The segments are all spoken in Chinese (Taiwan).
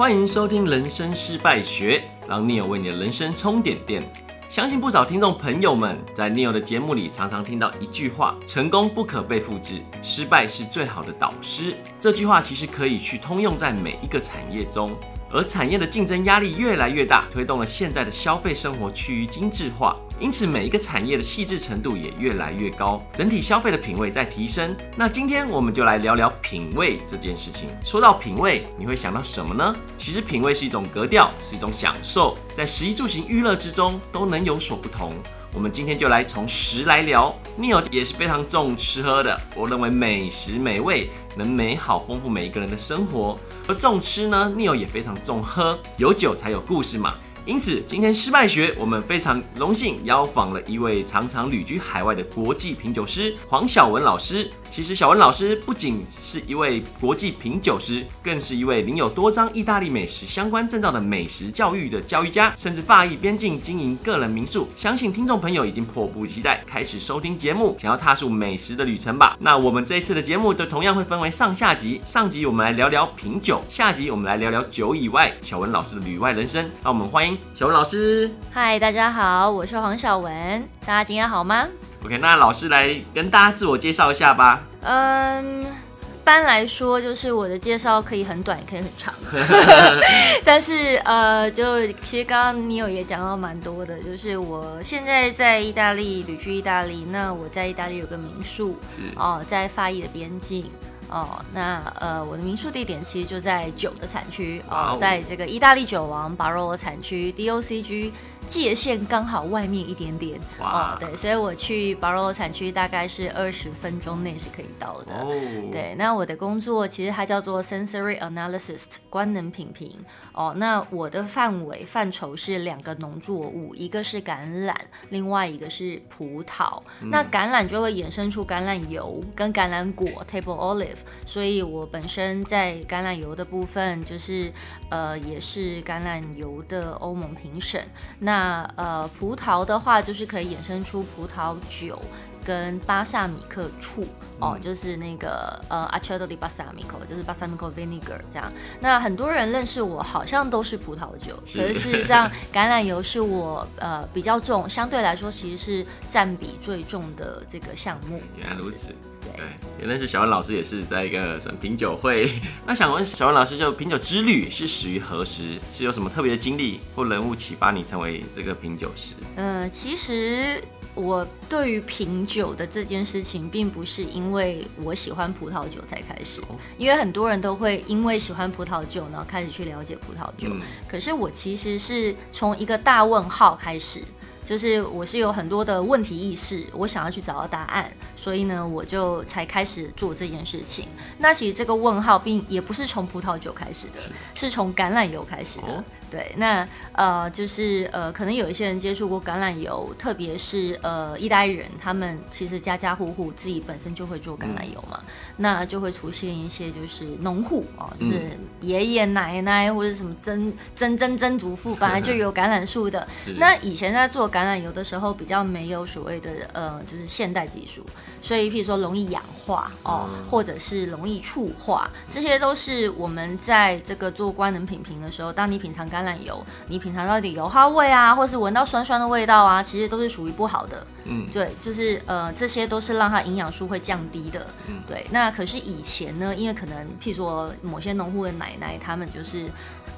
歡迎收聽《人生失敗學》，讓 Neo 為你的人生充點電。相信不少聽眾朋友們在 Neo 的節目裡常常聽到一句話：“成功不可被複製，失敗是最好的導師。”這句話其實可以去通用在每一個產業中。而產業的競爭壓力越來越大，推動了現在的消費生活趨於精緻化，因此每一個產業的細緻程度也越來越高，整體消費的品味在提升。那今天我們就來聊聊品味這件事情。說到品味，你會想到什麼呢？其實品味是一種格調，是一種享受，在食衣住行娛樂之中都能有所不同。我們今天就來從食來聊，Neo 也是非常重吃喝的。我認為美食美味能美好豐富每一個人的生活，而重吃呢，Neo 也非常重喝，有酒才有故事嘛。因此，今天失敗學，我們非常榮幸邀訪了一位常常旅居海外的國際品酒師黃筱雯老師。其實，筱雯老師不僅是一位國際品酒師，更是一位領有多張意大利美食相關證照的美食教育的教育家，甚至法意邊境經營個人民宿。相信聽眾朋友已經迫不及待開始收聽節目，想要踏入美食的旅程吧？那我們這一次的節目，就同樣會分為上下集。上集我們來聊聊品酒，下集我們來聊聊酒以外筱雯老師的旅外人生。那我們歡迎。小文老師，嗨，大家好，我是黃筱雯，大家今天好嗎？OK，那老師來跟大家自我介紹一下吧。嗯，一般來說，就是我的介紹可以很短，也可以很長。 但是呃，就其實剛剛你有也講到蠻多的，就是我現在在意大利旅居意大利，那我在意大利有個民宿哦是、呃，在法義的邊境。哦，那呃，我的民宿地點其實就在酒的產區啊，在這個意大利酒王巴羅羅產區 DOCG。DO C G 界限剛好外面一點點，哇 Wow.、啊！對，所以我去 Barolo 產區大概是二十分鐘內是可以到的。Oh. 對，那我的工作其實它叫做 Sensory Analysis，官能品評。哦，那我的範圍範疇是兩個農作物，一個是橄欖，另外一個是葡萄。Mm. 那橄欖就會衍生出橄欖油跟橄欖果 （table olive）。所以我本身在橄欖油的部分，就是呃，也是橄欖油的歐盟評審。那那呃，葡萄的話，就是可以衍生出葡萄酒跟巴薩米克醋、嗯、哦，就是那個呃，Aceto di Balsamico，就是 Balsamico Vinegar 這樣。那很多人認識我，好像都是葡萄酒，是可是事實上，橄欖油是我呃比較重，相對來說其實是占比最重的這個項目。原來如此。對，原來是筱雯老師也是在一個什麼品酒會， 那想問筱雯老師就，就品酒之旅是始於何時？是有什麼特別的經歷或人物啟發你成為這個品酒師？嗯、呃，其實我對於品酒的這件事情，並不是因為我喜歡葡萄酒才開始，哦、因為很多人都會因為喜歡葡萄酒然後，開始去了解葡萄酒。嗯、可是我其實是從一個大問號開始。就是我是有很多的問題意識，我想要去找到答案，所以呢，我就才開始做這件事情。那其實這個問號並也不是從葡萄酒開始的，是從橄欖油開始的。對，那呃，就是呃，可能有一些人接觸過橄欖油，特別是呃，意大利人，他們其實家家戶戶自己本身就會做橄欖油嘛，嗯、那就會出現一些就是農戶哦，就是爺爺奶奶或者什麼曾曾曾曾祖父本來就有橄欖樹的，的那以前在做橄欖油的時候比較沒有所謂的呃，就是現代技術，所以比如說容易氧化，化哦，或者是容易醋化，這些都是我們在這個做官能品評的時候，當你品嘗橄欖油，你品嘗到的油耗味啊，或者是聞到酸酸的味道啊，其實都是屬於不好的。嗯，對，就是呃，這些都是讓它營養素會降低的。嗯，對。那可是以前呢，因為可能譬如說某些農戶的奶奶，他們就是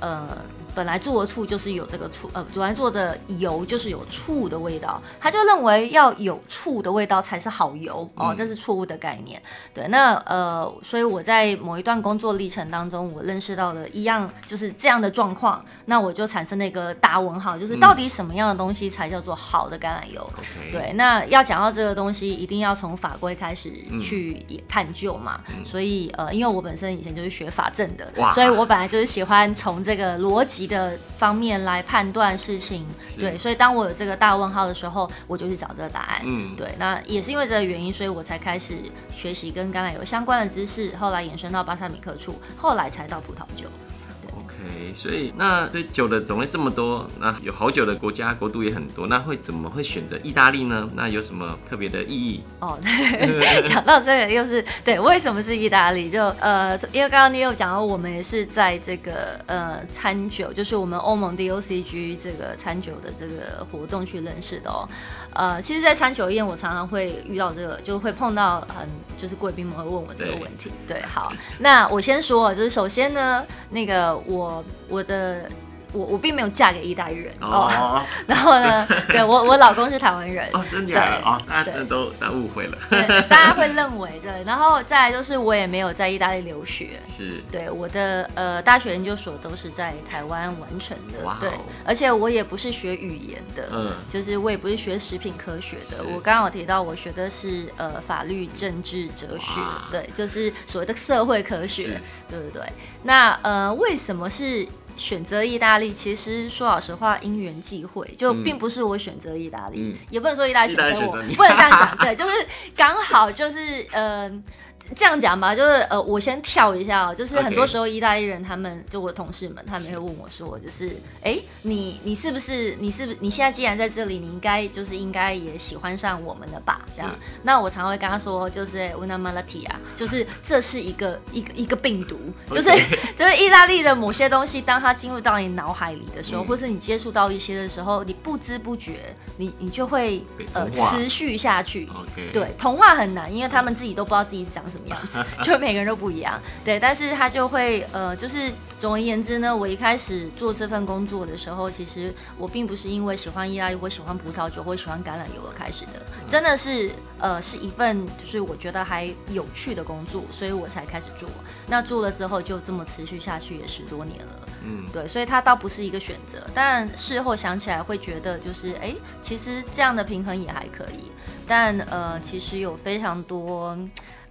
呃。本來做的醋就是有這個醋，呃，本來做的油就是有醋的味道，他就認為要有醋的味道才是好油哦，這是錯誤的概念。嗯、對，那呃，所以我在某一段工作歷程當中，我認識到了一樣就是這樣的狀況，那我就產生了一個大問號，就是到底什麼樣的東西才叫做好的橄欖油？嗯、對，那要講到這個東西，一定要從法規開始去探究嘛。嗯嗯、所以呃，因為我本身以前就是學法政的，哇所以我本來就是喜歡從這個邏輯。的方面來判斷事情，是對，所以當我有這個大問號的時候，我就去找這個答案。嗯，對，那也是因為這個原因，所以我才開始學習跟橄欖油相關的知識，後來延伸到巴塞米克醋，後來才到葡萄酒。所以那對酒的種類這麼多，那有好酒的國家、國度也很多，那會怎麼會選擇意大利呢？那有什麼特別的意義？哦，對，講 到這個又是對，為什麼是意大利？就呃，因為剛剛你有講到，我們也是在這個呃餐酒，就是我們歐盟 DOCG 這個餐酒的這個活動去認識的哦。呃，其實，在餐酒宴，我常常會遇到這個，就會碰到很、嗯，就是貴賓們會問我這個問題。對，對，好，那我先說，就是首先呢，那個我我的。我我並沒有嫁給意大利人哦，然後呢，對，我我老公是台灣人哦。真的？啊大家都誤會了，大家會認為對。然後再來就是我也沒有在意大利留學，是對我的呃大學研究所都是在台灣完成的，對，而且我也不是學語言的，嗯，就是我也不是學食品科學的，我剛剛有提到我學的是呃法律政治哲學，對，就是所謂的社會科學，對不對？那呃為什麼是？選擇意大利，其實說老實話，因緣際會，就並不是我選擇意大利，嗯、也不能說意大利選擇我，我我不能這樣講。 對，就是剛好就是嗯。呃這樣講吧，就是呃，我先跳一下，哦，就是很多時候意大利人他們就我的同事們他們會問我說，就是哎，你你是不是你是不是你現在既然在這裡，你應該就是應該也喜歡上我們的吧？這樣，嗯、那我常會跟他說，就是 una malattia 就是這是一個一個一個病毒，就是，嗯、就是意大利的某些東西，當它進入到你腦海裡的時候，嗯、或是你接觸到一些的時候，你不知不覺，你你就會呃持續下去。嗯、okay, 對，同化很難，因為他們自己都不知道自己想什麼。樣子就每個人都不一樣，對，但是他就會呃，就是總而言之呢，我一開始做這份工作的時候，其實我並不是因為喜歡意大利或喜歡葡萄酒或喜歡橄欖油而開始的，真的是呃，是一份就是我覺得還有趣的工作，所以我才開始做。那做了之後就這麼持續下去也十多年了，嗯，對，所以它倒不是一個選擇，但事後想起來會覺得就是哎，其實這樣的平衡也還可以，但呃，其實有非常多。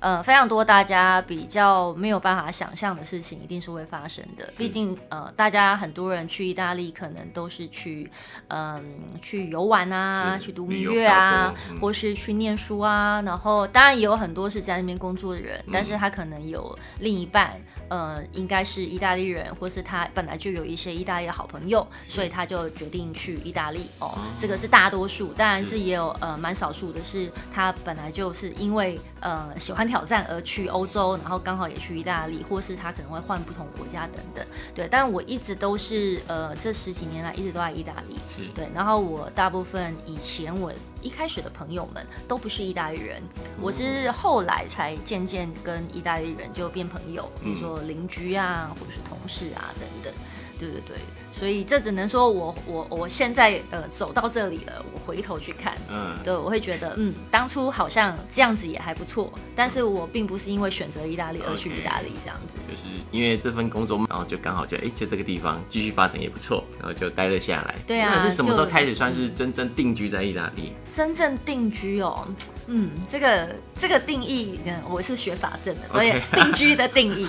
呃，非常多大家比較沒有辦法想象的事情，一定是會發生的。是畢竟，呃，大家很多人去意大利，可能都是去，嗯、呃，去遊玩啊，是去度蜜月啊，嗯、或是去念書啊。然後，當然也有很多是在那邊工作的人，嗯、但是他可能有另一半。呃，應該是意大利人，或是他本來就有一些意大利的好朋友，所以他就決定去意大利。哦，是這個是大多數，當然是也有呃蠻少數的，是他本來就是因為呃喜歡挑戰而去歐洲，然後剛好也去意大利，或是他可能會換不同國家等等。對，但我一直都是呃這十幾年來一直都在意大利。是對，然後我大部分以前我。一開始的朋友們都不是意大利人，我是後來才漸漸跟意大利人就變朋友，比如說鄰居啊，或者是同事啊等等，對對對。所以這只能說我我我現在呃走到這裡了，我回頭去看，嗯，對我會覺得嗯，當初好像這樣子也還不錯，但是我並不是因為選擇意大利而去意大利這樣子，Okay. 就是因為這份工作，然後就剛好覺得哎，就這個地方繼續發展也不錯，然後就待了下來。對啊，那是什麼時候開始算是真正定居在意大利？嗯、真正定居哦、喔，嗯，這個這個定義，嗯，我是學法政的，所以定居的定義，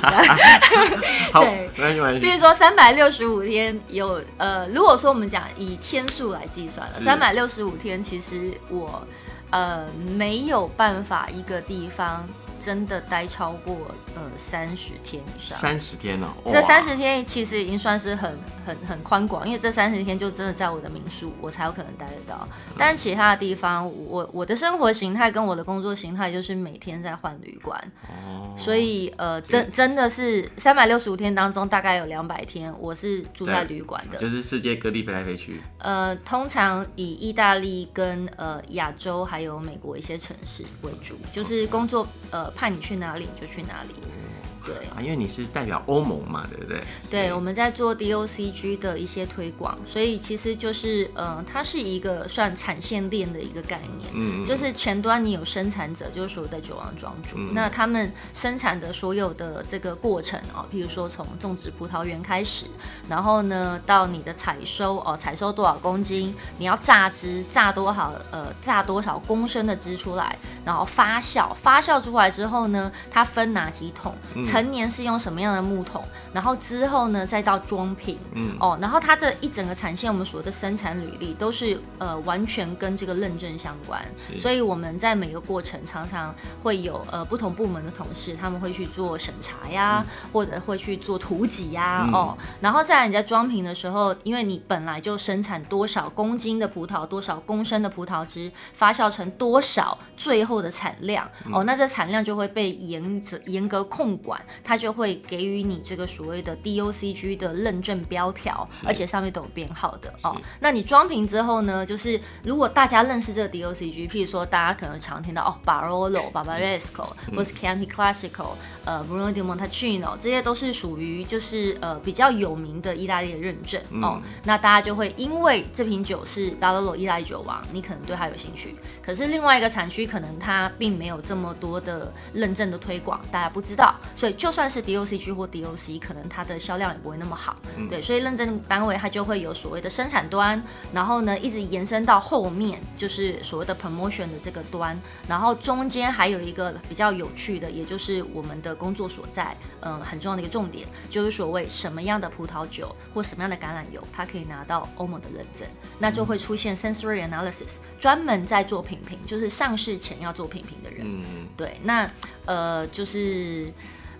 對，比如說三百六十五天有。有呃，如果說我們講以天數來計算了，三百六十五天，其實我呃沒有辦法一個地方。真的待超過呃三十天以上。三十天哦、啊，oh, 這三十天其實已經算是很很很寬廣，因為這三十天就真的在我的民宿，我才有可能待得到。嗯、但其他的地方，我我的生活形態跟我的工作形態就是每天在換旅館，oh, 所以呃真是真的是三百六十五天當中大概有兩百天我是住在旅館的，就是世界各地飛來飛去，呃，通常以意大利跟呃亞洲還有美國一些城市為主，oh, oh, oh. 就是工作呃。派你去哪裡就去哪裡。對啊，因為你是代表歐盟嘛，對不對？對，以我們在做 DOCG 的一些推廣，所以其實就是、呃、它是一個算產線鏈的一個概念，嗯，就是前端你有生產者，就是所謂的酒王莊主，嗯、那他們生產的所有的這個過程哦，譬如說從種植葡萄園開始，然後呢到你的採收哦，採收多少公斤，你要榨汁榨多少呃榨多少公升的汁出來，然後發酵發酵出來之後呢，它分哪幾桶？嗯陳年是用什麼樣的木桶？然後之後呢，再到裝瓶，嗯，哦，然後它這一整個產線，我們所謂的生產履歷都是呃完全跟這個認證相關，是所以我們在每個過程常常會有呃不同部門的同事，他們會去做審查呀，嗯、或者會去做圖集呀，嗯、哦，然後再來你在裝瓶的時候，因為你本來就生產多少公斤的葡萄，多少公升的葡萄汁發酵成多少最後的產量，嗯、哦，那這產量就會被嚴格嚴格控管，它就會給予你這個數。所謂的 DOCG 的認證標條，是而且上面都有編號的是哦。那你裝瓶之後呢，就是如果大家認識這個 DOCG，譬如說大家可能常聽到哦，Barolo、Barbaresco 或是 Chianti Classico，呃，Bruno di Montalcino，這些都是屬於就是呃比較有名的意大利的認證哦。嗯、那大家就會因為這瓶酒是 Barolo 意大利酒王，你可能對他有興趣。可是另外一個產區可能它並沒有這麼多的認證的推廣，大家不知道。所以就算是 DOCG 或 DOC，可可能它的銷量也不會那麼好，對，所以認證單位它就會有所謂的生產端，然後呢，一直延伸到後面就是所謂的 promotion 的這個端，然後中間還有一個比較有趣的，也就是我們的工作所在，嗯、呃，很重要的一個重點，就是所謂什麼樣的葡萄酒或什麼樣的橄欖油，它可以拿到歐盟的認證，那就會出現 sensory analysis，專門在做品評，就是上市前要做品評的人，嗯，對，那呃就是。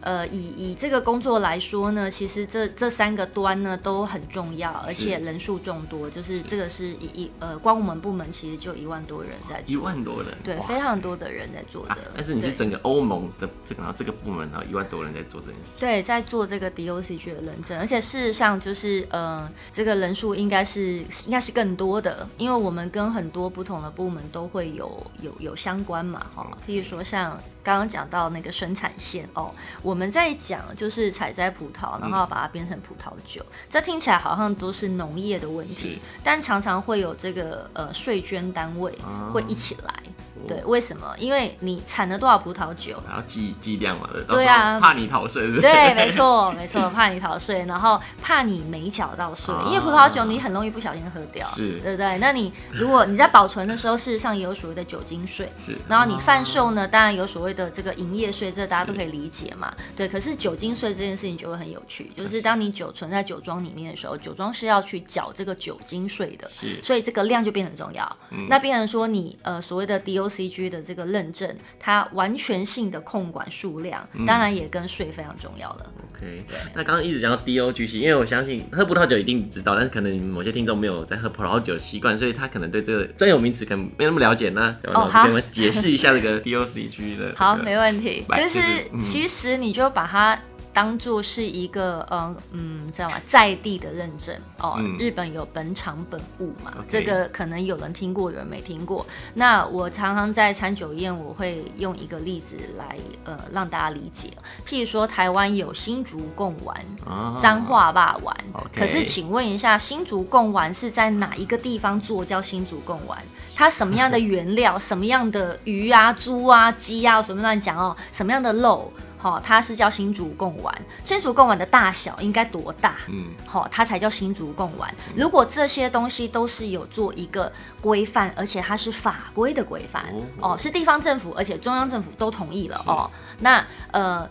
呃，以以這個工作來說呢，其實這這三個端呢都很重要，而且人數眾多，是就是這個是一一呃，光我們部門其實就一萬多人在做。一萬多人。對，哇塞。非常多的人在做的。啊，但是你是整個歐盟的這個這個部門，然後一萬多人在做這件事情。對，在做這個 DOCG 的認證，而且事實上就是呃，這個人數應該是應該是更多的，因為我們跟很多不同的部門都會有有有相關嘛，好嗎？比如說像。剛剛講到那個生產線哦，我們在講就是採摘葡萄，然後把它變成葡萄酒，嗯、這聽起來好像都是農業的問題，是但常常會有這個呃稅捐單位會一起來。嗯對，為什麼？因為你產了多少葡萄酒，然後計計量嘛，對啊，怕你逃稅，對，啊、對，沒錯，沒錯，怕你逃稅，然後怕你沒繳到稅，啊、因為葡萄酒你很容易不小心喝掉，是，對不對？那你如果你在保存的時候，事實上也有所謂的酒精稅，是。啊、然後你販售呢，當然有所謂的這個營業稅，這個、大家都可以理解嘛，是對。可是酒精稅這件事情就會很有趣，就是當你酒存在酒莊裡面的時候，酒莊是要去繳這個酒精稅的，是。所以這個量就變很重要。嗯、那變成說你呃所謂的 DOC。C G 的這個認證，它完全性的控管數量，嗯、當然也跟稅非常重要了。OK，對那剛剛一直講到 D O C G，因為我相信喝葡萄酒一定知道，但是可能某些聽眾沒有在喝葡萄酒習慣，所以他可能對這個專有名詞可能沒那麼了解呢。哦、老師好我們解釋一下這個 D O C G 的、這個。好，沒問題。其實白、就是、其實你就把它。當做是一個嗯，嗯，知道嗎？在地的認證哦。嗯、日本有本場本物嘛，Okay. 這個可能有人聽過，有人沒聽過。那我常常在餐酒宴，我會用一個例子來呃讓大家理解。譬如說，台灣有新竹貢丸、uh huh. 彰化霸丸，Okay. 可是請問一下，新竹貢丸是在哪一個地方做叫新竹貢丸？它什麼樣的原料？Okay. 什麼樣的魚啊、豬啊、雞啊，什麼亂講哦？什麼樣的肉？哦，它是叫新竹貢丸，新竹貢丸的大小應該多大？嗯，好，它才叫新竹貢丸。如果這些東西都是有做一個規範，而且它是法規的規範哦，哦，是地方政府，而且中央政府都同意了是哦。那呃。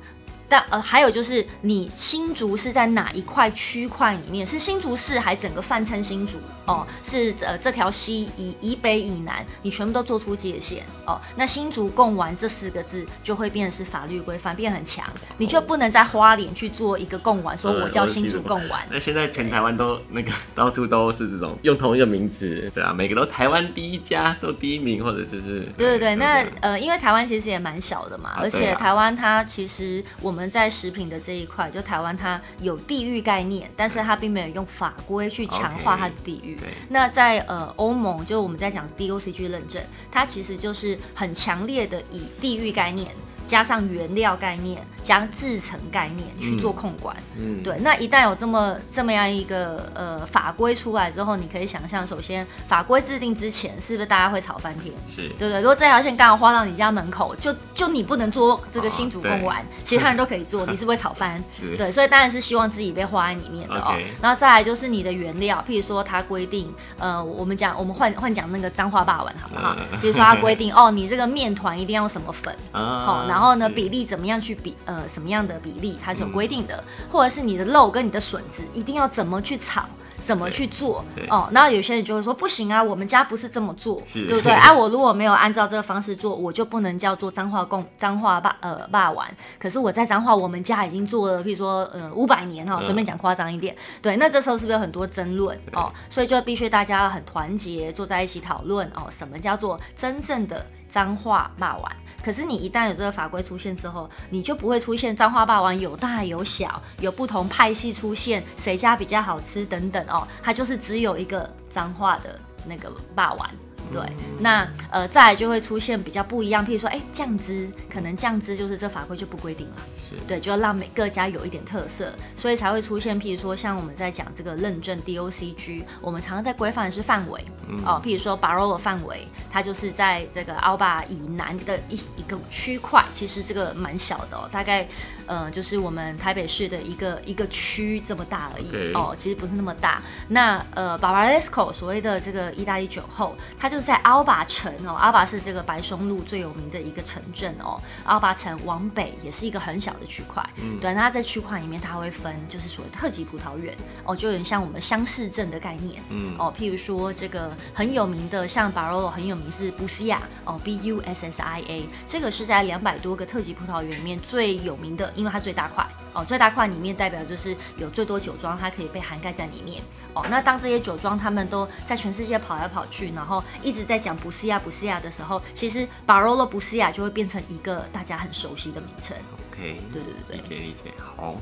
但呃，還有就是你新竹是在哪一塊區塊裡面？是新竹市，還整個泛稱新竹哦、呃？是呃，這條溪以以北以南，你全部都做出界限哦、呃。那新竹貢丸這四個字就會變成是法律規範，變很強，你就不能在花蓮去做一個貢丸，說我叫新竹貢丸。那現在全台灣都那個到處都是這種用同一個名字，對啊，每個都台灣第一家都第一名，或者就是對對對。那呃，因為台灣其實也蠻小的嘛，而且台灣它其實我們。我們在食品的這一塊，就台灣它有地域概念，但是它並沒有用法規去強化它的地域。那在呃歐盟，就我們在講 DOCG 認證，它其實就是很強烈的以地域概念。加上原料概念，加上製程概念去做控管，嗯，嗯對，那一旦有這麼這麼樣一個呃法規出來之後，你可以想象，首先法規制定之前，是不是大家會吵翻天？是，對不對,對？如果這條線剛好劃到你家門口，就就你不能做這個新竹貢丸，啊、其他人都可以做，你是不是會吵翻？ 是，對，所以當然是希望自己被劃在裡面的 Okay. 哦。那再來就是你的原料，譬如說它規定，呃，我們講我們換換講那個髒話霸王丸好不好？嗯、比如說它規定對哦，你這個面糰一定要用什麼粉，好、啊。哦然後呢，是比例怎麼樣去比？呃，什麼樣的比例它是有規定的，嗯、或者是你的肉跟你的筍子一定要怎麼去炒，怎麼去做？嘿哦，那嘿有些人就會說不行啊，我們家不是這麼做，是對不對？嘿啊，我如果沒有按照這個方式做，我就不能叫做彰化共彰化呃霸丸。可是我在彰化，我們家已經做了，譬如說呃五百年哈、哦，隨便講誇張一點。嗯、對，那這時候是不是有很多爭論嘿哦？所以就必須大家很團結，坐在一起討論哦，什麼叫做真正的彰化霸丸？可是你一旦有這個法規出現之後，你就不會出現彰化霸王有大有小，有不同派系出現，誰家比較好吃等等哦、喔，它就是只有一個彰化的那個霸王。對，那呃，再來就會出現比較不一樣，譬如說，哎，醬汁可能醬汁就是這法規就不規定了，是對，就要讓每各家有一點特色，所以才會出現，譬如說，像我們在講這個認證 DOCG，我們常常在規範的是範圍、嗯、哦，譬如說 Barolo 範圍，它就是在這個阿爾巴以南的一一個區塊，其實這個蠻小的哦，大概。呃，就是我們台北市的一個一個區這麼大而已 Okay. 哦，其實不是那麼大。那呃 Barbaresco 所謂的這個意大利酒後，它就在阿巴城哦，阿巴是這個白松露最有名的一個城鎮哦。阿巴城往北也是一個很小的區塊，嗯，對。那在區塊裡面，它會分就是所謂特級葡萄園哦，就有點像我們鄉市鎮的概念。嗯哦，譬如說這個很有名的，像 Barolo 很有名是布西亞哦，B U S S, s I A，這個是在兩百多個特級葡萄園裡面最有名的。因為它最大塊哦，最大塊裡面代表就是有最多酒莊，它可以被涵蓋在裡面哦。那當這些酒莊他們都在全世界跑來跑去，然後一直在講布西亞布西亞的時候，其實巴羅洛布西亞就會變成一個大家很熟悉的名稱。OK，對對對對，理解理解，好。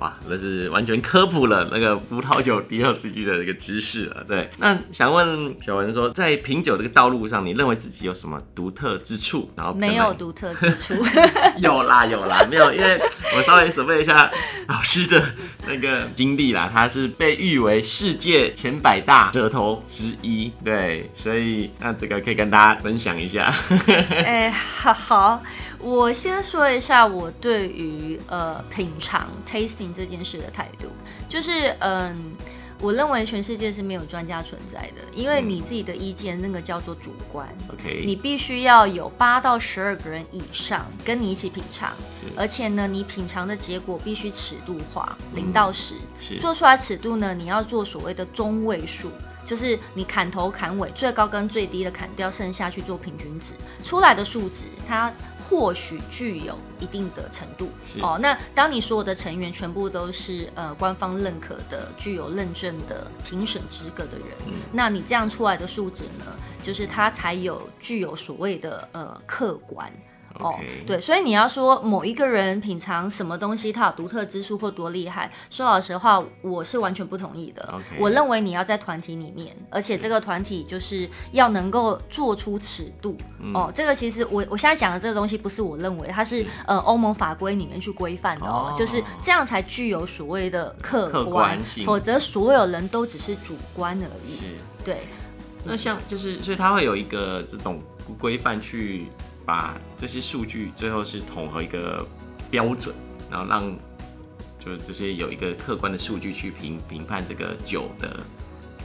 哇，那是完全科普了那個葡萄酒 DOCG 的一個知識了。對，那想問筱雯說，在品酒這個道路上，你認為自己有什麼獨特之處？然後沒有獨特之處。 有啦有啦，沒有，因為我稍微準備一下老師的那個經歷啦，他是被譽為世界前百大舌頭之一。對，所以那這個可以跟大家分享一下。哎、 欸，好。好我先說一下我對於呃品嘗 tasting 這件事的態度，就是嗯，我認為全世界是沒有專家存在的，因為你自己的意見、嗯、那個叫做主觀。OK，你必須要有八到十二個人以上跟你一起品嘗，是而且呢，你品嘗的結果必須尺度化，零到十。是做出來尺度呢，你要做所謂的中位數，就是你砍頭砍尾，最高跟最低的砍掉，剩下去做平均值，出來的數值它。或許具有一定的程度是哦。那當你所有的成員全部都是呃官方認可的、具有認證的評審資格的人，嗯、那你這樣出來的數值呢，就是他才有具有所謂的呃客觀。哦，Okay. oh, 對，所以你要說某一個人品嚐什麼東西，他有獨特之處或多厲害，說老實話，我是完全不同意的。Okay. 我認為你要在團體裡面，而且這個團體就是要能夠做出尺度。哦是，oh, 這個其實我我現在講的這個東西，不是我認為，它是，是呃歐盟法規裡面去規範的，oh. 就是這樣才具有所謂的客觀，客觀性，否則所有人都只是主觀而已。是對，那像就是所以它會有一個這種規範去。把這些數據，最後是統合一個標準，然後讓就是這些有一個客觀的數據去評評判這個酒的。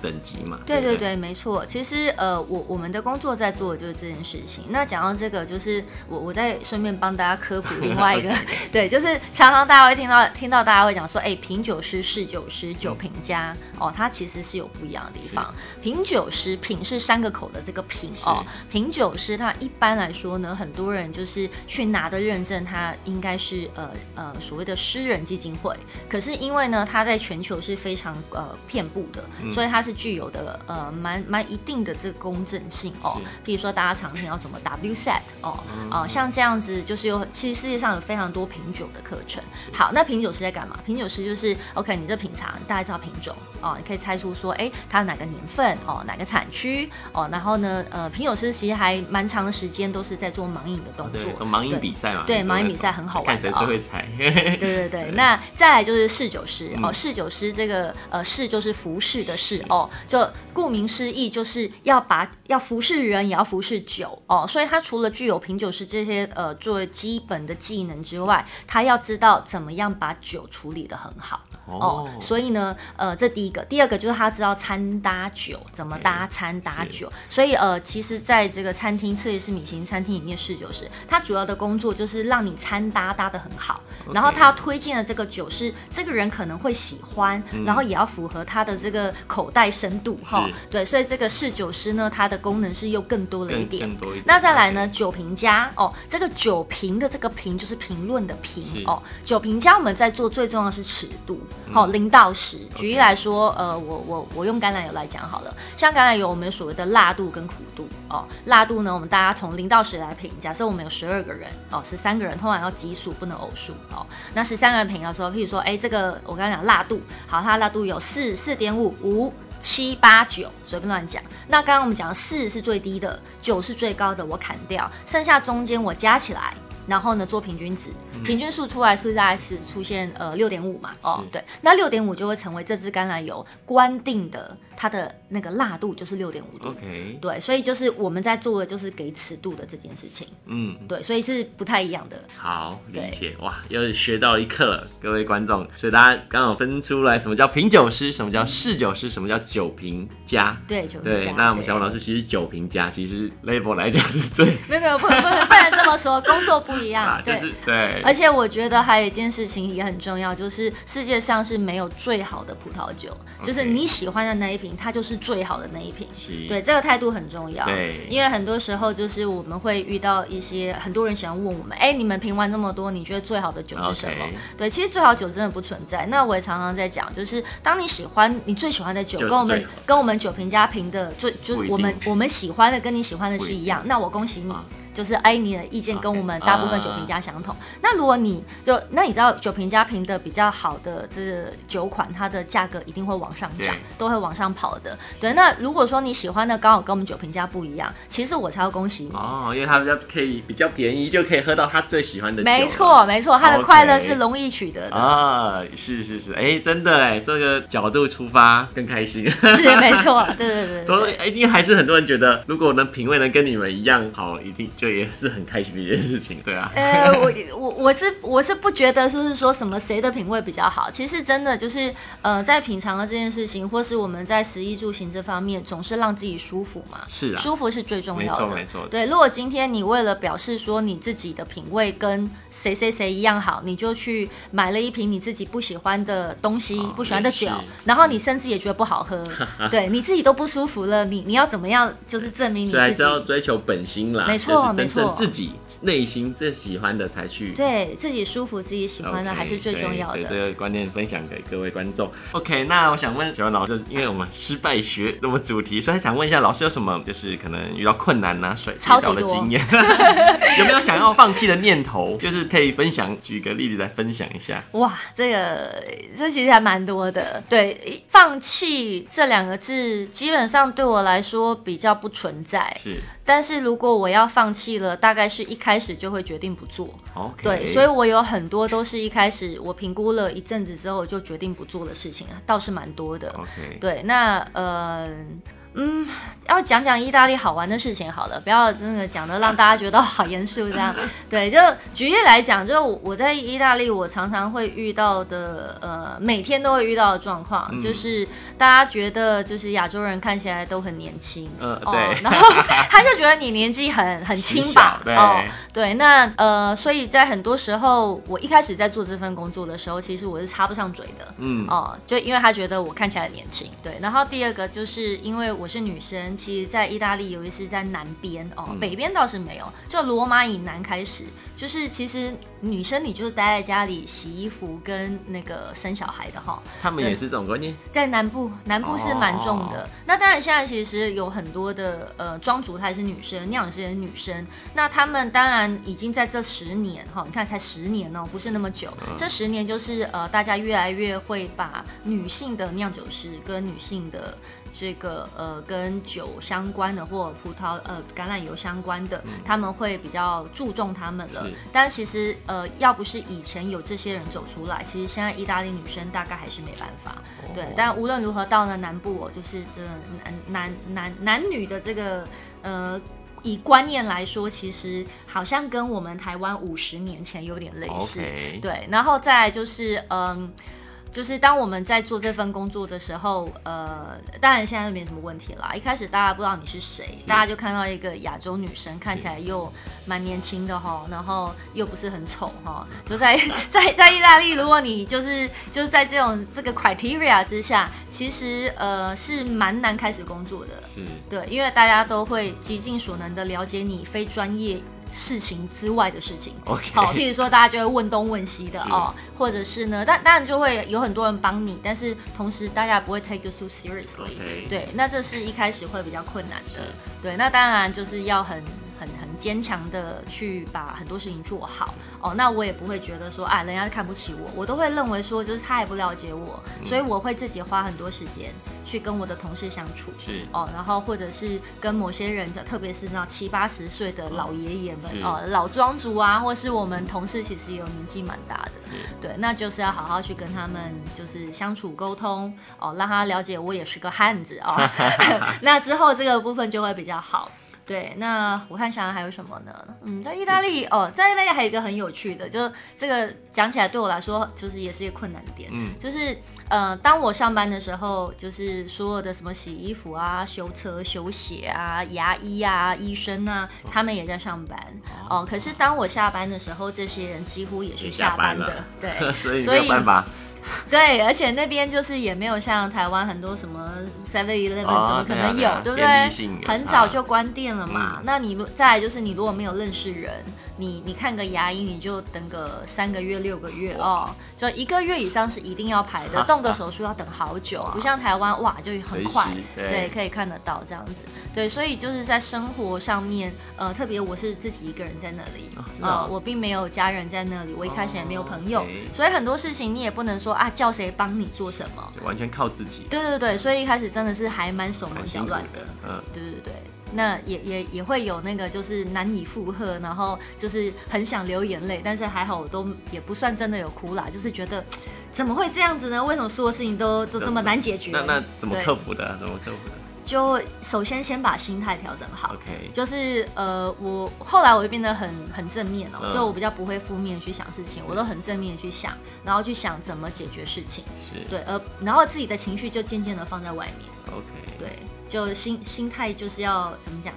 等級嘛，對對，對對對，沒錯。其實呃，我我們的工作在做的就是這件事情。那講到這個，就是我我再順便幫大家科普另外一個， 對，就是常常大家會聽到聽到大家會講說，哎，品酒師、侍酒師、酒評家，哦，他其實是有不一樣的地方。是品酒師，品是三個口的這個品哦。品酒師，他一般來說呢，很多人就是去拿的認證，他應該是呃呃所謂的私人基金會。可是因為呢，他在全球是非常呃遍佈的，嗯、所以他。是。具有的呃，蠻蠻一定的這個公正性哦。比如說大家常聽到什麼 WSET 哦，啊，像這樣子就是有，其實世界上有非常多品酒的課程。好，那品酒師在幹嘛？品酒師就是 OK，你這品嘗，大概知道品種哦，你可以猜出說，哎，它哪個年份哦，哪個產區哦，然後呢，呃，品酒師其實還蠻長時間都是在做盲飲的動作，盲飲比賽嘛，對，盲飲比賽很好玩，看誰最會猜。對對對，那再來就是侍酒師哦，侍酒師這個呃，侍就是服侍的侍哦。哦、就顧名思義，就是要把要服侍人，也要服侍酒哦。所以他除了具有品酒師這些呃作為基本的技能之外，他要知道怎麼樣把酒處理的很好哦。哦，所以呢，呃，這第一個，第二個就是他知道餐搭酒怎麼搭，餐搭酒。嗯、所以呃，其實在這個餐廳，特別是米其林餐廳裡面，侍酒師他主要的工作就是讓你餐搭搭的很好，然後他要推薦的這個酒是這個人可能會喜歡，然後也要符合他的這個口袋深度哈。是、哦，對，所以這個試酒師呢，它的功能是又更多了一點。更更多一點，那再來呢，酒評家哦，這個酒評的這個評就是評論的評是哦。酒評家我們在做最重要的是尺度，好、哦，零到十、嗯。舉例來說，Okay 呃，我我我用橄欖油來講好了，像橄欖油，我們有所謂的辣度跟苦度哦，辣度呢，我們大家從零到十來評價。所以我們有十二個人哦，十三個人通常要奇數不能偶數哦。那十三個人評的時候，譬如說，哎、欸，這個我剛剛講辣度，好，它辣度有四四點五五。七八九，隨便亂講，那剛剛我們講的四是最低的，九是最高的，我砍掉，剩下，中間我加起來。然後呢，做平均值，平均數出來是大概是出現呃六點五嘛。哦，對，那六點五就會成為這支橄欖油官定的它的那個辣度就是六點五度。OK，對，所以就是我們在做的就是給尺度的這件事情。嗯，對，所以是不太一樣的。好，理解。哇，又學到一課，各位觀眾。所以大家剛好分出來什麼叫品酒師，什麼叫試酒師，什麼叫酒評家。對，酒評家，對，那我們筱雯老師其實酒評家其實 label 來講是最……沒有，沒有，不不不能這麼說，工作不。一樣、啊就是，對，對。而且我覺得還有一件事情也很重要，就是世界上是沒有最好的葡萄酒，Okay. 就是你喜歡的那一瓶，它就是最好的那一瓶。是對，這個態度很重要。對，因為很多時候就是我們會遇到一些很多人喜歡問我們，哎、欸，你們評完這麼多，你覺得最好的酒是什麼？Okay. 對，其實最好酒真的不存在。那我也常常在講，就是當你喜歡你最喜歡的酒，跟我們跟我們酒評家評的最就是我們我們喜歡的跟你喜歡的是一樣，一那我恭喜你。就是哎，你的意見跟我們大部分酒評家相同。Okay, uh, 那如果你就那你知道酒評家評的比較好的這酒款，它的價格一定會往上漲，Okay. 都會往上跑的。對，那如果說你喜歡的剛好跟我們酒評家不一樣，其實我才要恭喜你哦，因為他比較可以比較便宜就可以喝到他最喜歡的酒。沒。沒錯沒錯，他的快樂是容易取得的啊。Okay. Uh, 是是是，哎、欸，真的哎、欸，這個角度出發更開心。 是沒錯，對對對、對。所以一定還是很多人覺得，如果能品味能跟你們一樣好，一定就。也是很開心的一件事情，對啊。呃、欸，我我我是我是不覺得，就是說什麼誰的品味比較好。其實真的就是，呃，在品嘗的這件事情，或是我們在食衣住行這方面，總是讓自己舒服嘛。是啊，舒服是最重要的。沒錯沒錯。對，如果今天你為了表示說你自己的品味跟誰誰誰一樣好，你就去買了一瓶你自己不喜歡的東西，哦、不喜歡的酒，是然後你甚至也覺得不好喝，嗯、對，你自己都不舒服了，你你要怎麼樣就是證明你自己？還是要追求本心啦。沒錯錯。真正自己內心最喜歡的，才去對自己舒服、自己喜歡的還是最重要的。Okay, 對，這個觀念分享給各位觀眾。OK，那我想問，筱雯老師，因為我們失敗學那麼主題，所以想問一下老師，有什麼就是可能遇到困難啊、摔倒的經驗， 有沒有想要放棄的念頭？就是可以分享，舉個例子來分享一下。哇，這個這其實還蠻多的。對，放棄這兩個字，基本上對我來說比較不存在。是，但是如果我要放棄。了，大概是一開始就會決定不做。Okay. 對，所以我有很多都是一開始我評估了一陣子之後就決定不做的事情啊，倒是蠻多的。Okay. 對，那呃。嗯，要講講意大利好玩的事情好了，不要真的講的讓大家覺得好嚴肅這樣。對，就舉例來講，就我在意大利，我常常會遇到的，呃，每天都會遇到的狀況，嗯、就是大家覺得就是亞洲人看起來都很年輕，嗯、呃，對、哦，然後他就覺得你年紀很很輕吧，哦，對，那呃，所以在很多時候，我一開始在做這份工作的時候，其實我是插不上嘴的，嗯，哦，就因為他覺得我看起來年輕，對，然後第二個就是因為。我是女生，其實在意大利，尤其是在南邊哦，嗯、北邊倒是沒有，就羅馬以南開始，就是其實女生你就是待在家裡洗衣服跟那個生小孩的哈。哦、他們也是這種觀念。在南部，南部是蠻重的。哦、那當然現在其實有很多的呃莊主她也是女生，釀酒師也是女生。那他們當然已經在這十年哈、哦，你看才十年哦，不是那麼久。嗯、這十年就是呃大家越來越會把女性的釀酒師跟女性的。這個呃，跟酒相關的，或者葡萄呃橄欖油相關的，嗯、他們會比較注重他們了。是但其實呃，要不是以前有這些人走出來，其實現在意大利女生大概還是沒辦法。哦、對，但無論如何，到了南部哦，就是嗯、呃、男男男男女的這個呃，以觀念來說，其實好像跟我們台灣五十年前有點類似。Okay. 對，然後再來就是嗯。呃就是當我們在做這份工作的時候，呃，當然現在就沒什麼問題啦。一開始大家不知道你是誰，嗯、大家就看到一個亞洲女生，看起來又蠻年輕的哈，然後又不是很醜哈。就在在在意大利，如果你就是就是在這種這個 criteria 之下，其實呃是蠻難開始工作的。嗯，對，因為大家都會極盡所能的了解你，非專業。事情之外的事情，好，Okay. 譬如說大家就會問東問西的哦，是或者是呢，但當然就會有很多人幫你，但是同時大家不會 take you so seriously，Okay. 對，那這是一開始會比較困難的，對，那當然就是要很，堅強的去把很多事情做好哦，那我也不會覺得說啊、哎，人家看不起我，我都會認為說，就是他也不了解我，嗯、所以我會自己花很多時間去跟我的同事相處，是哦，然後或者是跟某些人，特別是那七八十歲的老爺爺們、嗯、哦，老莊主啊，或是我們同事其實也有年紀蠻大的，是對，那就是要好好去跟他們就是相處溝通哦，讓他了解我也是個漢子哦。 那之後這個部分就會比較好。對，那我看想想還有什麼呢？嗯，在意大利、嗯、哦，在意大利還有一個很有趣的，就這個講起來對我來說，就是也是一個困難點。嗯，就是呃，當我上班的時候，就是所有的什麼洗衣服啊、修車、修鞋啊、牙醫啊、醫生啊，哦、他們也在上班。哦，哦，可是當我下班的時候，這些人幾乎也是下班的。班了。對， 所以沒有辦法。 對，而且那邊就是也沒有像台灣很多什麼 Seven Eleven 怎麼可能、uh, 啊、有，對不對？很早就關店了嘛。Uh, 那你再來就是你如果沒有認識人。你你看個牙醫，你就等個三個月六個月哦，就一個月以上是一定要排的。哈動個手術要等好久哈，不像台灣哇，就很快，對，對，可以看得到這樣子。對，所以就是在生活上面，呃，特別我是自己一個人在那裡啊、哦哦呃，我並沒有家人在那裡，我一開始也沒有朋友，哦 okay，所以很多事情你也不能說啊，叫誰幫你做什麼，就完全靠自己。對對對，所以一開始真的是還蠻手忙腳亂的，嗯，對對對。那也也也會有那個，就是難以負荷，然後就是很想流眼淚，但是還好，我都也不算真的有哭啦，就是覺得怎麼會這樣子呢？為什麼所有事情都都這麼難解決？那那怎麼克服的啊？怎麼克服的？就首先先把心態調整好。OK。就是呃，我後來我就變得很很正面了喔，嗯，就我比較不會負面去想事情，是我都很正面去想，然後去想怎麼解決事情。是。對。呃，然後自己的情緒就漸漸的放在外面。OK。對。就心心態就是要怎麼講，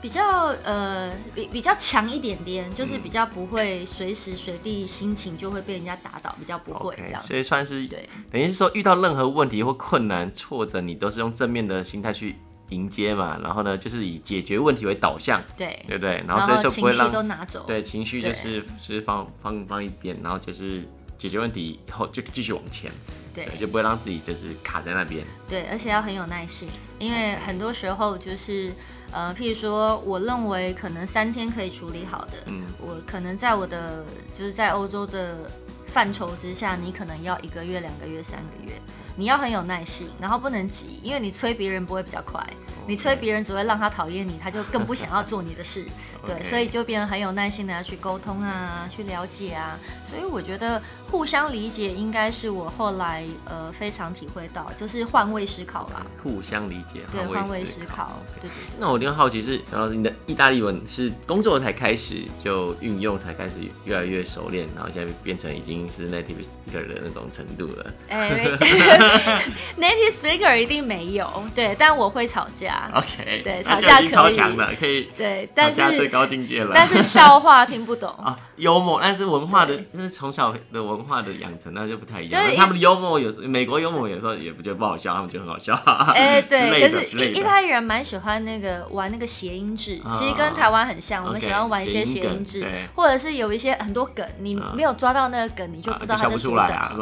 比較呃比比較強一點點，就是比較不會隨時隨地心情就會被人家打倒，比較不會這樣。Okay, 所以算是對，等於是說遇到任何問題或困難挫折，你都是用正面的心態去迎接嘛。然後呢，就是以解決問題為導向，對,對對不對？然後所以說情緒都拿走，對，情緒就是對就是放放放一邊，然後就是解決問題，然後就繼續往前。對，就不會讓自己就是卡在那邊。對，而且要很有耐性，因為很多時候就是，呃，譬如說，我認為可能三天可以處理好的，嗯，我可能在我的就是在歐洲的範疇之下，你可能要一個月、兩個月、三個月。你要很有耐心，然後不能急，因為你催別人不會比較快，Okay. 你催別人只會讓他討厭你，他就更不想要做你的事。 對，Okay. 所以就變得很有耐心的要去溝通啊，去了解啊。所以我覺得互相理解應該是我後來呃非常體會到，就是換位思考啦。互相理解，對，換位思考。對對。那我另外好奇是，然後你的意大利文是工作才開始就運用，才開始越來越熟練，然後現在變成已經是 native speaker 的那種程度了。哎、欸。欸 Native speaker 一定沒有，對，但我會吵架。OK，對，吵架可以超強的，可以對，但是最高境界了。但是笑話聽不懂啊，幽默，但是文化的，就是從小的文化的養成，那就不太一樣。他們的幽默有美國幽默，有時候也不覺得不好笑，他們覺得很好笑。哎，對，可是意大利人蠻喜歡那個玩那個諧音字，其實跟台灣很像，我們喜歡玩一些諧音字，或者是有一些很多梗，你沒有抓到那個梗，你就不知道，笑不出來，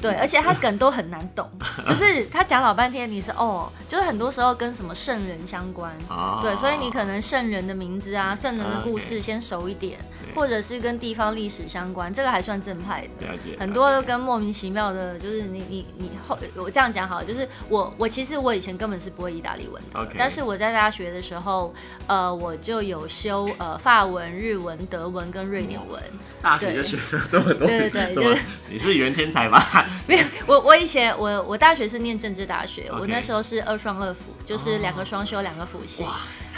對，而且他梗都很難懂。 就是他講老半天，你是哦，就是很多時候跟什麼聖人相關，oh. 對，所以你可能聖人的名字啊，聖人的故事先熟一點。Okay. 或者是跟地方歷史相關，這個還算正派的，了解，很多都跟莫名其妙的，就是你你你後我這樣講好了，就是我我其實我以前根本是不會意大利文的，Okay. 但是我在大學的時候，呃，我就有修呃法文、日文、德文跟瑞典文。大學就學了這麼多？對就是麼對你是語言天才嗎？ 沒有，我我以前我我大學是念政治大學，Okay. 我那時候是二雙二輔，就是兩個雙修，兩、oh. 個輔系。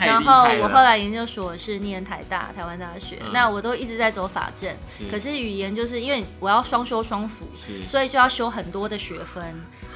然後我後來研究所是念台大、台灣大學，嗯、那我都一直在走法政，是，可是語言就是因為我要雙修雙輔，是所以就要修很多的學分，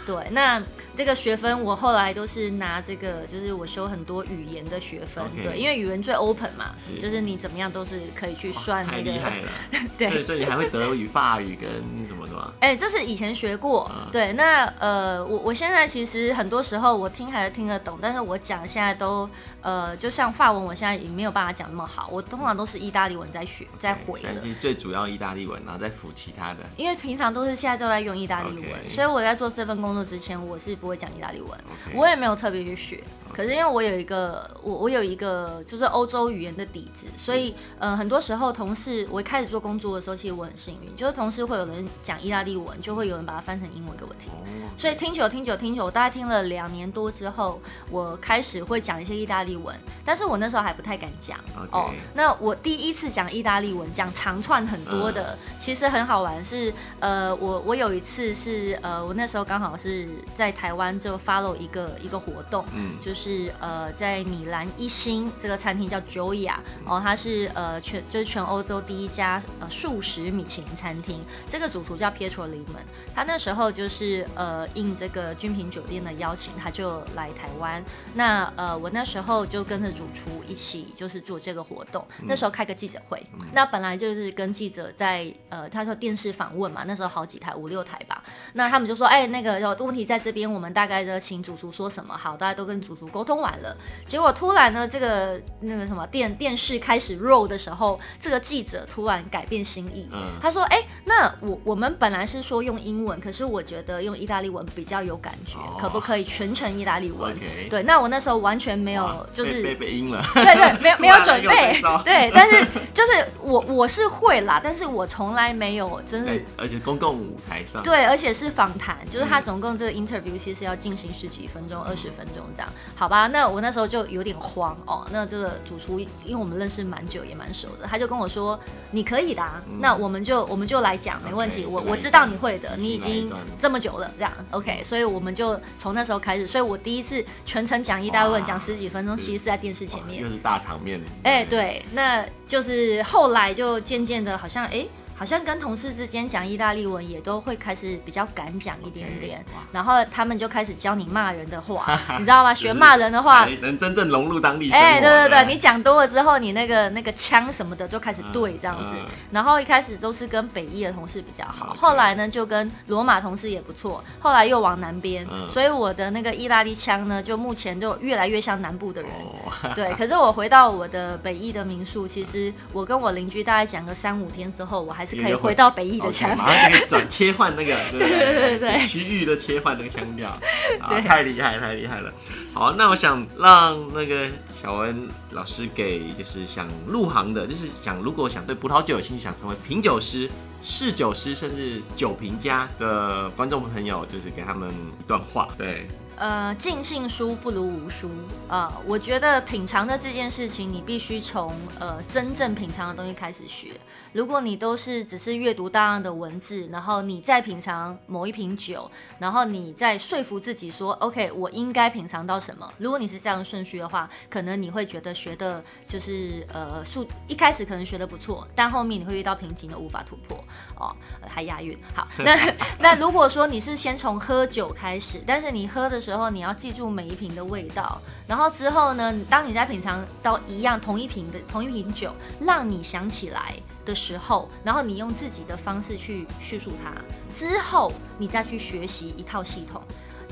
對那。這個學分我後來都是拿這個，就是我修很多語言的學分，Okay. 對，因為語言最 open 嘛，是就是你怎麼樣都是可以去算，那個。太厲害了， 對，對，所以你還會德語、法語跟你什麼什麼、啊？哎、欸，這是以前學過，嗯、對，那呃，我我現在其實很多時候我聽還是聽得懂，但是我講現在都呃，就像法文，我現在也沒有辦法講那麼好，我通常都是意大利文在學，在回的。Okay. 最主要意大利文，然後再輔其他的，因為平常都是現在都在用意大利文，Okay. 所以我在做這份工作之前，我是。不會講意大利文，Okay. 我也沒有特別去學。Okay. 可是因為我有一個我我有一個就是歐洲語言的底子，所以嗯、呃，很多時候同事我一開始做工作的時候，其實我很幸運，就是同事會有人講意大利文，就會有人把它翻成英文給我聽。Okay. 所以聽久聽久聽久，我大概聽了兩年多之後，我開始會講一些意大利文，但是我那時候還不太敢講。Okay. 哦，那我第一次講意大利文，講長串很多的，uh. 其實很好玩是。是呃我我有一次是呃我那時候剛好是在台。台灣就 follow 一個一個活動，嗯、就是呃在米蘭一星這個餐廳叫 Joia，哦它是呃全就是全歐洲第一家素食、呃、米其林餐廳。這個主廚叫 Pietro Leemann 他那時候就是呃應這個君品酒店的邀請，他就來台灣。那呃我那時候就跟着主廚一起就是做這個活動，嗯、那時候開個記者會，嗯、那本來就是跟記者在呃他說電視訪問嘛，那時候好幾台五六台吧，那他們就說哎、欸、那個有問題在這邊我。我們大概就請主廚說什麼，好，大家都跟主廚溝通完了，結果突然呢，這個那個什麼電電視開始 roll 的時候，這個記者突然改變心意，嗯、他說：“哎、欸，那我我們本來是說用英文，可是我覺得用意大利文比較有感覺，哦、可不可以全程意大利文？” okay 對，那我那時候完全沒有，就是被被音了，對，對對，沒有 沒有準備， 對，但是就是我我是會啦，但是我從來沒有真是、欸。而且公共舞台上，對，而且是訪談，就是他總共這個 interview、嗯。就是要進行十幾分鐘，二十分鐘這樣，好吧？那我那時候就有點慌哦。那這個主廚，因為我們認識蠻久也蠻熟的，他就跟我說：“你可以的、啊，嗯、那我們就我們就來講，沒問題。我、okay, 我知道你會的，你已經這麼久了，這樣、嗯、OK。所以我們就從那時候開始，所以我第一次全程講一大問，講哇十幾分鐘，其實是在電視前面，就是大場面。哎、欸，對，那就是後來就漸漸的，好像哎。欸好像跟同事之間講意大利文也都會開始比較敢講一點點，Okay. Wow. 然後他們就開始教你罵人的話， 你知道嗎？就是、學罵人的話，能真正融入當地。哎、欸，對對對，對啊，你講多了之後，你那個那個腔什麼的就開始對這樣子。嗯嗯、然後一開始都是跟北義的同事比較好，Okay. 後來呢就跟羅馬同事也不錯，後來又往南邊，嗯、所以我的那個意大利腔呢，就目前就越來越像南部的人，欸。Oh. 對，可是我回到我的北義的民宿，其實我跟我鄰居大概講個三五天之後，我還是。可以回到北義的腔調，Okay, 馬上可以轉切換那個，對對， 對對，對，對區域的切換那個腔調，啊，太厲害太厲害了。好，那我想讓那個筱雯老師給就是想入行的，就是想如果想對葡萄酒有興趣，想成為品酒師、侍酒師，甚至酒評家的觀眾朋友，就是給他們一段話。對，呃，盡信書不如無書。呃，我覺得品嘗的這件事情，你必須從呃真正品嘗的東西開始學。如果你都是只是閱讀大量的文字，然後你再品嚐某一瓶酒，然後你再說服自己說，OK，我應該品嚐到什麼？如果你是這樣的順序的話，可能你會覺得學的就是呃，數一開始可能學的不錯，但後面你會遇到瓶頸的，無法突破哦，還押韻。好，那 那如果說你是先從喝酒開始，但是你喝的時候你要記住每一瓶的味道，然後之後呢，當你在品嚐到一樣同一瓶的同一瓶酒，讓你想起來。的時候，然後你用自己的方式去敘述它，之後你再去學習一套系統，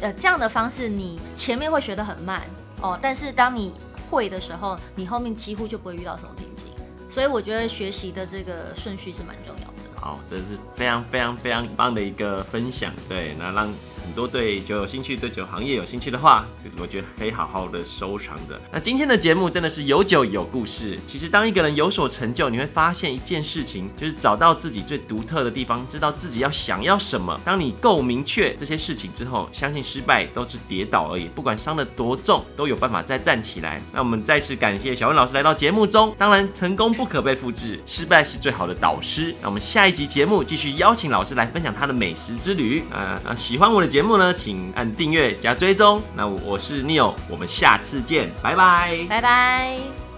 呃，這樣的方式你前面會學得很慢哦，但是當你會的時候，你後面幾乎就不會遇到什麼瓶頸。所以我覺得學習的這個順序是蠻重要的。好，這是非常非常非常棒的一個分享，對，那讓。很多對酒有興趣、對酒行業有興趣的話，就我覺得可以好好的收藏著。那今天的節目真的是有酒有故事。其實當一個人有所成就，你會發現一件事情，就是找到自己最獨特的地方，知道自己要想要什麼。當你夠明確這些事情之後，相信失敗都是跌倒而已，不管傷得多重，都有辦法再站起來。那我們再次感謝筱雯老師來到節目中。當然，成功不可被複製，失敗是最好的導師。那我們下一集節目繼續邀請老師來分享他的美食之旅。那、呃呃、喜歡我的節目。節目呢，請按訂閱加追蹤。那我是 Neo，我們下次見，拜拜，拜拜。